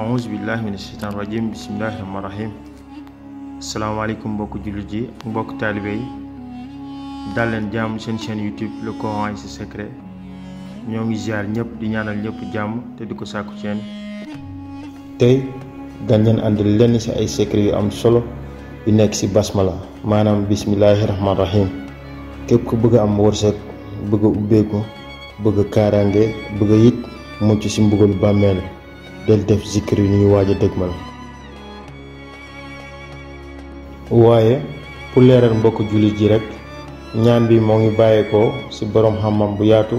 a'uzu billahi mina rajim Bismillahirrahmanirrahim. rahmaan rahim asalaamaaleykum mbokk jullit yi mbokk taalibe yi dal chaîne youtube le Coran et ses ñoo ngi ziar ñëpp di ñaanal ñëpp jàmm te di ko sàkku seen tey dañ leen àndil lenn ci ay secret yu am solo yu nekk ci basmala maanaam Bismillahirrahmanirrahim. rahmaan rahim képp ku bëgg am wërsëg bëgg ubbeeku bëgg kaaraange bëgg it mucc ci mbugalu del def zikr yu ñuy waaj waaye pour leeral mbokk jullit ji rekk ñaan bi moo ngi bàyyeekoo ci boroom xam bu yaatu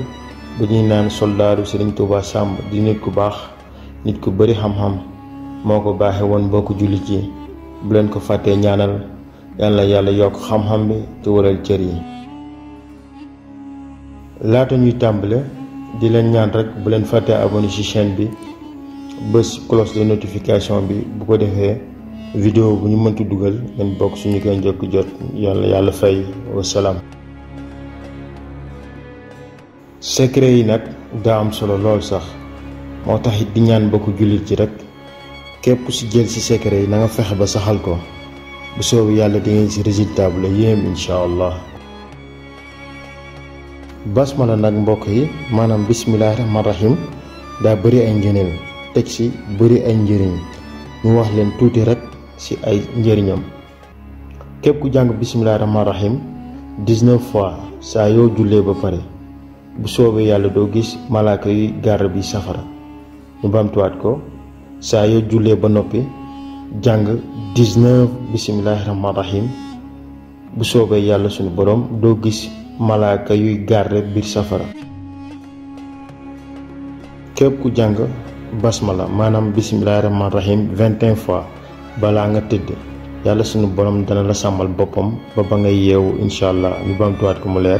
bu ñuy naan soldaaru Sëriñ Tuuba Sàmb di nit ku baax nit ku bari xam-xam moo ko baaxe woon mbokk jullit ji bu leen ko fàttee ñaanal yàlla yàlla yokk xam-xam bi te waral cër yi laata ñuy tàmbale di leen ñaan rekk bu leen fàttee abonné ci chaîne bi bës cloche de notification bi bu ko defee vidéo bu ñu mënti dugal ngeen bokk suñu koy njëkk jot yàlla yàlla fay wasalaam secret yi nag daa am solo lool sax moo tax it di ñaan bokk jullit ci rek képp si jël si secret yi na nga fexe ba saxal ko bu soobu yàlla di ngeen si résultat bu la yéem incha allah basmala nag mbokk yi maanaam bismillahi rahman rahim daa bëri ay ngëneel teg ci bëri ay njëriñ ñu wax leen tuuti rekk ci ay njëriñam képp ku jàng bisimilah rahmaani rahim dix fois saa yoo jullee ba pare bu soobee yàlla doo gis malaaka yuy gàrr bi safara ñu bamtuwaat ko saa yoo jullee ba noppi jàng dix-neuf bisimilah bu soobee yàlla sunu boroom doo gis malaaka yuy gàrr biir safara képp jàng. basmala manam bismillahirrahmanirrahim, 21 fois balaa nga tëdd yàlla sunu borom dana la sàmmal boppam ba ba nga yeewu incha allah ñu bamtuwaat ko mu leer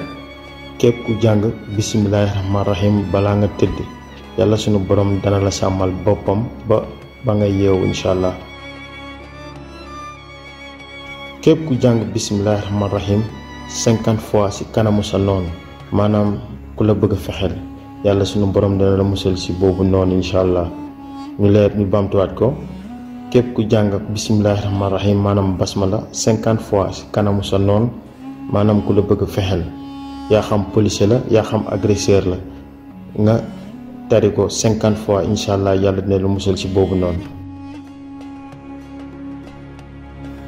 képp ku jàng bisimilahi rahman nga tëdd yàlla sunu borom dana la sàmmal boppam ba ba nga yeewu incha allah ku jàng bisimilahi 50 fois ci kanamu sa noonu maanaam ku la bëgg a yàlla sunu borom dana la musal ci boobu noonu incha allah ñu leer ñu bamtuwaat ko kep ku jàng ak bisimilahi rahmaani rahim maanaam basmala 50 fois ci kanamu sa noon maanaam ku ya la bëgg fexel ya xam policier la yaa xam agresseur la nga tari ko fois incha ya allah yàlla dina la musal ci boobu noonu.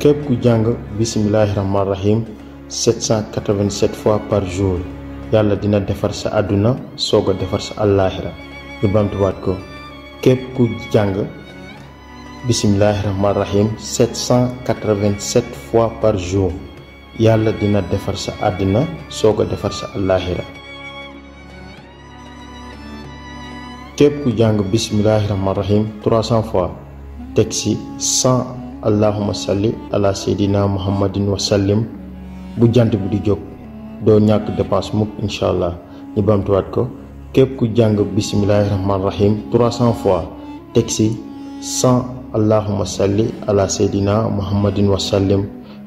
képp ku jàng bisimilahi rahmaani rahim sept fois par jour. yàlla dina defar sa àdduna soog a defar sa àllaaxira ñu bamtuwaat ko képp ku jàng bisimilahi rahmaani rahim 787 fois par jour yàlla dina defar sa àddina soog a defar sa àllaaxira képp ku jàng bisimilahi rahmaani rahim fois teg ci 100 allahuma salli ala seydina muhammadin wa bu jant bi di jóg doo ñàkk dépense mukk incha allah ñu bamtuwaat ko képp ku jàng bisimilahi rahmaani rahim 300 fois teg si 100 allahuma salli ala saydina muhammadin wasallim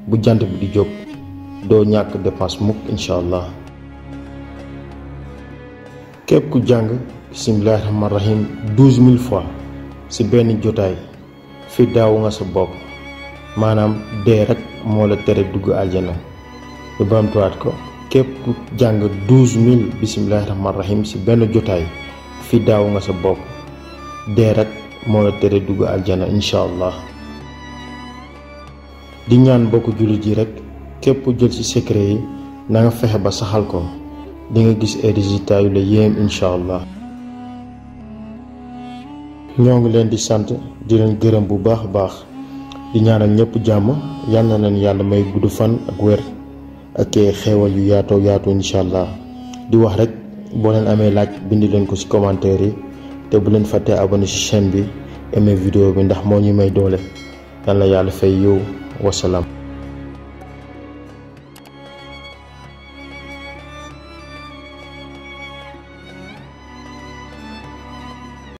bu jant bi di jóg doo ñàkk dépense mukk incha allah képp ku jàng bisimilahi rahmaani rahim fois si benn jotaay fi daaw nga sa bopp maanaam dee rek moo la tere dugg aljana ñu bamtuwaat ko képp ku jàng douze mille bisimilahi rahmaani rahim si benn jotaay fi daaw nga sa bopp dee rek moo la tere dugg aljana incha allah di ñaan bokk jullit yi rek képp ku jël ci secret yi na nga fexe ba saxal ko di nga gis ay yu la yéem allah ñoo ngi leen di sant di leen gërëm bu baax a baax di ñaanal ñëpp jàmm yal na yàlla may gudd fan ak wér ak xewal yu yaatoo yaatoo incha allah di wax rek boo leen amee laaj bindi leen ko ci commentaire yi te bu leen fàttee abonné ci chaîne bi aimé vidéo bi ndax moo ñu may doole yàlla yàlla fay yow wasalaam.